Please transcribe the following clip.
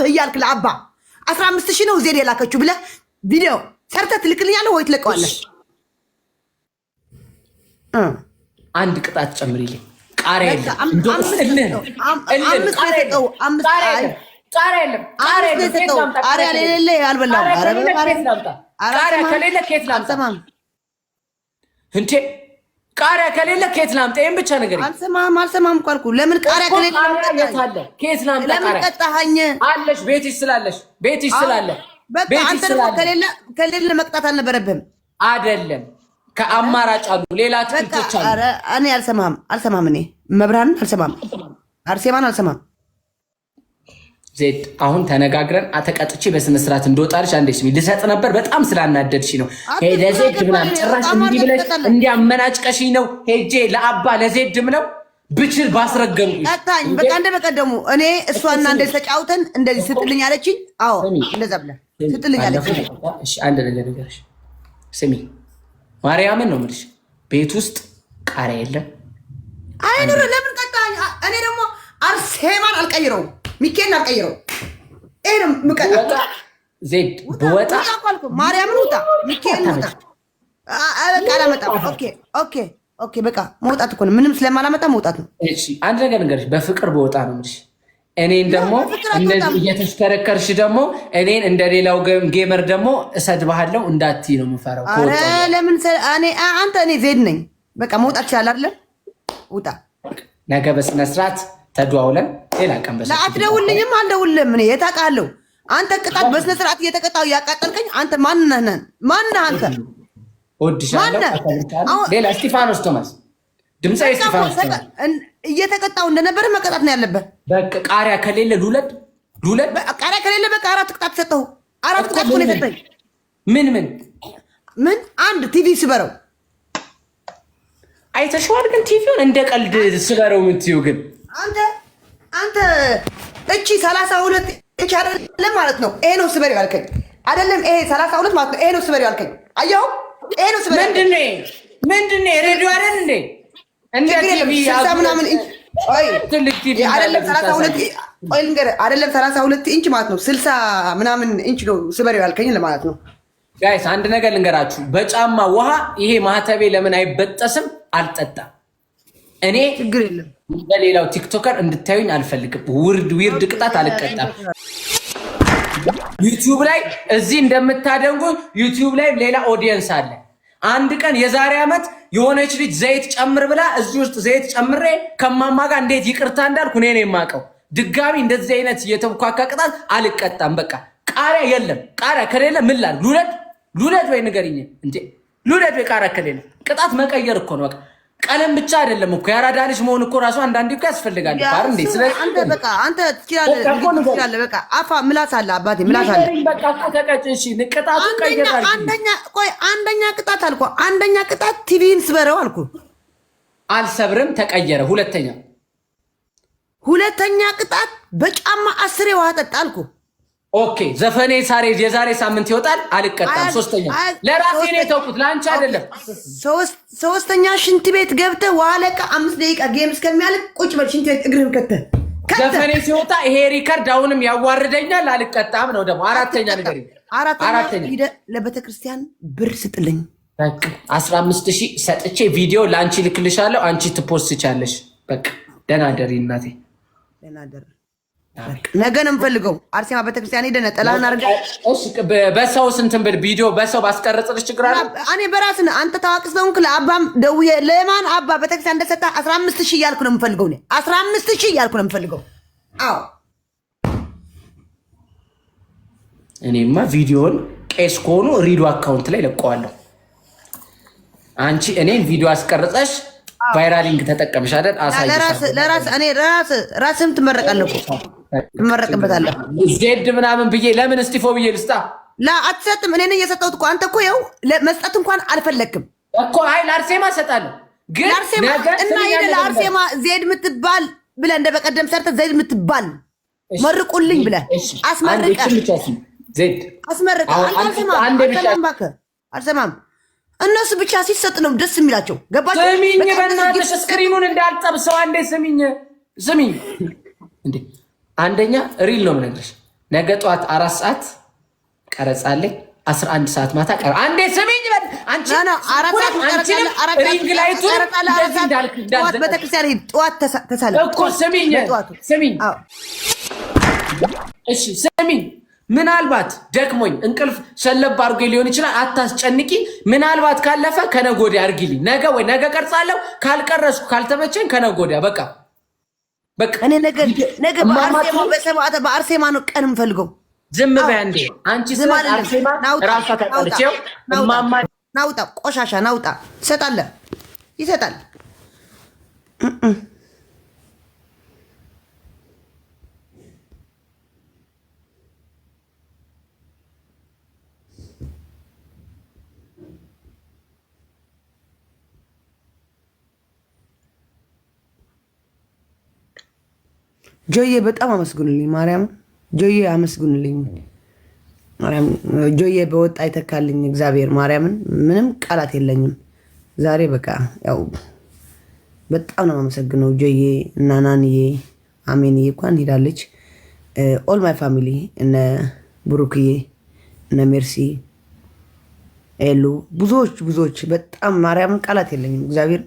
አብህ እያልክ ለአባ አስራ አምስት ሺህ ነው ዜድ የላከችው ብለህ ቪዲዮ ሰርተህ ትልክልኛለህ ወይ ትለቀዋለህ? አንድ ቅጣት ጨምሪልኝ። ቃሪያ የለም፣ ቃሪያ የሌለ አልበላም። ከሌለ ኬት ላምጣ እንቴ ቃሪያ ከሌለ ኬት ላምጣ? ይሄን ብቻ ነገር አልሰማም አልሰማም እኮ አልኩህ። ለምን ቃሪያ ከሌለ ኬት ላምጣ? ለምን ቀጣኸኝ? አለሽ ቤትሽ ስላለሽ ቤትሽ ስላለ በቃ አንተ ደግሞ ከሌለ ከሌለ መቅጣት አልነበረብህም አይደለም። ከአማራጭ አሉ ሌላ ትንቶች አሉ። እኔ አልሰማም አልሰማም እኔ መብራንን አልሰማም አርሴማን አልሰማም ዜድ አሁን ተነጋግረን ተቀጥቼ በስነ ስርዓት እንደወጣልሽ አንዴ ስሚ ልሰጥ ነበር። በጣም ስላናደድሽ ነው ለዜድ ዜድ ምናምን ጭራሽ እንዲህ ብለሽ እንዲያመናጭቀሽኝ ነው ሄጄ ለአባ ለዜድም ነው ብችል ባስረገምኩኝ ቀጣኝ። በቃ እንደ በቀደሙ እኔ እሷና እንደ ተጫውተን እንደዚህ ስጥልኝ አለችኝ። አዎ እንደዛ ብላ ስጥልኝ አለችኝ። አንድ ነገር ነገርሽ ስሚ፣ ማርያምን ነው የምልሽ ቤት ውስጥ ቃሪያ የለም አይኑር። ለምን ቀጣኝ? እኔ ደግሞ አርሴማን አልቀይረውም ሚኬን አልቀይረው። ይህንም ምቀጣ ብወጣ ማርያምን ውጣ፣ ሚካኤል ውጣ። አላመጣም። ኦኬ ኦኬ ኦኬ በቃ መውጣት እኮ ነው። ምንም ስለማላመጣ መውጣት ነው። እሺ አንድ ነገር ልንገርሽ፣ በፍቅር በወጣ ነው የምልሽ። እኔን ደግሞ እንደዚህ እየተሽከረከርሽ ደግሞ እኔን እንደ ሌላው ጌመር ደግሞ እሰድብሃለሁ እንዳትዪ ነው የምፈራው። ኧረ ለምን አንተ እኔ ዜድ ነኝ። በቃ መውጣት ይችላል አይደለም? ውጣ። ነገ በስነስርዓት ተደዋውለን አትደውልኝም፣ አልደውልም። እኔ የታውቃለሁ። አንተ ቅጣት በስነ ስርዓት እየተቀጣሁ እያቃጠልከኝ፣ አንተ ማንነህ? ማንነህ? አንተ ሌላ እስጢፋኖስ ቶማስ ድምፃ እስጢፋኖስ እየተቀጣሁ እንደነበረ መቀጣት ነው ያለበት። ቃሪያ ከሌለ ሉለት ሉለት ቃሪያ ከሌለ በቃ አራት ቅጣት ሰጠሁ። አራት ቅጣት ነው የሰጠኝ። ምን ምን ምን? አንድ ቲቪ ስበረው አይተሽዋል። ግን ቲቪውን እንደ ቀልድ ስበረው የምትይው ግን አንተ አንተ እቺ ሰላሳ ሁለት እቺ አይደለም ማለት ነው። ይሄ ነው ስበሪው ያልከኝ አይደለም? ይሄ ሰላሳ ሁለት ማለት ነው። ይሄ ነው ስበሪው ያልከኝ። አየኸው? ይሄ ነው ስበሪው። ምንድን ነው ምንድን ነው? ሬዲዮ አይደል እንዴ? እንዴ ምናምን አይደለም። ሰላሳ ሁለት ቆይ አይደለም ሰላሳ ሁለት ኢንች ማለት ነው። ስልሳ ምናምን ኢንች ነው ስበሪው ያልከኝ ለማለት ነው። ጋይስ አንድ ነገር ልንገራችሁ፣ በጫማ ውሃ ይሄ ማህተቤ ለምን አይበጠስም? አልጠጣም እኔ ችግር የለም። በሌላው ቲክቶከር እንድታዩኝ አልፈልግም። ውርድ ዊርድ ቅጣት አልቀጣም። ዩቲዩብ ላይ እዚህ እንደምታደንጉ ዩቲዩብ ላይ ሌላ ኦዲየንስ አለ። አንድ ቀን የዛሬ ዓመት የሆነች ልጅ ዘይት ጨምር ብላ እዚህ ውስጥ ዘይት ጨምሬ ከማማ ጋር እንዴት ይቅርታ እንዳልኩ እኔ ነው የማውቀው። ድጋሚ እንደዚህ አይነት የተብኳካ ቅጣት አልቀጣም። በቃ ቃሪያ የለም። ቃሪያ ከሌለ ምን ላድርግ? ሉለድ ወይ ንገሪኝ እንዴ! ሉለድ ወይ ቃሪያ ከሌለ ቅጣት መቀየር እኮ ነው በቃ ቀለም ብቻ አይደለም እኮ የአራዳ ልጅ መሆን እኮ ራሱ አንዳንዴ እኮ ያስፈልጋል። ባር እንዴ አንተ በቃ አንተ ትችላለህ፣ በቃ አፋ ምላስ አለ፣ አባቴ ምላስ አለ። አንደኛ ቆይ፣ አንደኛ ቅጣት አልኩ፣ አንደኛ ቅጣት ቲቪን ስበረው አልኩ። አልሰብርም፣ ተቀየረ። ሁለተኛ ሁለተኛ ቅጣት በጫማ አስሬ ውሃ ጠጣ አልኩ። ኦኬ ዘፈኔ ሳሬ የዛሬ ሳምንት ይወጣል። አልቀጣም። ሶስተኛ ለራሴ ነው የተውኩት፣ ለአንቺ አይደለም። ሶስተኛ ሽንት ቤት ገብተህ ዋለቀ አምስት ደቂቃ ጌም እስከሚያልቅ ቁጭ በል ሽንት ቤት እግርህን ከተህ ዘፈኔ ሲወጣ ይሄ ሪከርድ አሁንም ያዋርደኛል። አልቀጣም ነው ደግሞ አራተኛ ነገር አራተኛ ለቤተክርስቲያን ብር ስጥልኝ አስራ አምስት ሺህ ሰጥቼ ቪዲዮ ለአንቺ ልክልሻለሁ። አንቺ ትፖስት ቻለሽ። በቃ ደህና ደሪ እናቴ፣ ደህና ደሪ ነገ ነው የምፈልገው። አርሴማ ቤተክርስቲያን ሄደህ ነጠላህን አድርገህ በሰው ስንትን ብል ቪዲዮ በሰው ባስቀረጽልሽ ችግር አለ? እኔ በራስህ አንተ ታዋቂ ስለሆንክ ለአባም ደውዬ ለማን አባ ቤተክርስቲያን እንደሰጠህ አስራ አምስት ሺህ እያልኩ ነው የምፈልገው። እኔ አስራ አምስት ሺህ እያልኩ ነው የምፈልገው። አዎ እኔማ ቪዲዮን ቄስ ከሆኑ ሪዶ አካውንት ላይ ለቀዋለሁ። አንቺ እኔን ቪዲዮ አስቀርጸሽ ቫይራሊንግ ተጠቀምሽ አይደል? ለራስ ለራስህ እኔ ራስ ራስም ትመረቃለህ እኮ እመረቅበታለሁ። ዜድ ምናምን ብዬ ለምን እስጢፎ ብዬ ልስጣ? ላ አትሰጥም። እኔን የሰጠሁት እኮ አንተ እኮ ይኸው መስጠት እንኳን አልፈለግክም እኮ። አይ ለአርሴማ እሰጣለሁ ግን እና ሄደ ለአርሴማ ዜድ የምትባል ብለህ እንደ በቀደም ሰርተህ ዜድ የምትባል መርቁልኝ ብለህ አስመርቀህ አስመርቀህ አልሰማም። እነሱ ብቻ ሲሰጥ ነው ደስ የሚላቸው። ገባቸው። ስሚኝ፣ በእናትሽ እስክሪኑን እንዳልጠብሰው አንዴ ስሚኝ፣ ስሚኝ አንደኛ ሪል ነው የምነግርሽ። ነገ ጠዋት አራት ሰዓት ቀረጻ አለኝ። አስራ አንድ ሰዓት ማታ ቀረ። አንዴ ስሚኝ በል አንቺ ሪንግ ላይቱን እኮ ስሚኝ ስሚኝ እሺ ስሚኝ። ምናልባት ደክሞኝ እንቅልፍ ሸለብ አድርጎ ሊሆን ይችላል። አታስጨንቂ። ምናልባት ካለፈ ከነጎዳ አድርጊልኝ። ነገ ወይ ነገ ቀርጻለሁ። ካልቀረስኩ ካልተመቸኝ ከነጎዳ በቃ በቃ እኔ ነገ ነገ በአርሴማ በአርሴማ ነው ቀን የምፈልገው። ዝም በይ እንዴ አንቺ ስለ አርሴማ ናውጣ ቆሻሻ ናውጣ። ይሰጣል ይሰጣል ጆዬ በጣም አመስግኑልኝ። ማርያም ጆዬ አመስግኑልኝ። ጆዬ በወጣ አይተካልኝ እግዚአብሔር ማርያምን ምንም ቃላት የለኝም። ዛሬ በቃ ያው በጣም ነው የማመሰግነው ጆዬ እና ናንዬ አሜንዬ እንኳን ሄዳለች። ኦል ማይ ፋሚሊ እነ ብሩክዬ እነ ሜርሲ ኤሉ ብዙዎች ብዙዎች በጣም ማርያምን ቃላት የለኝም እግዚአብሔር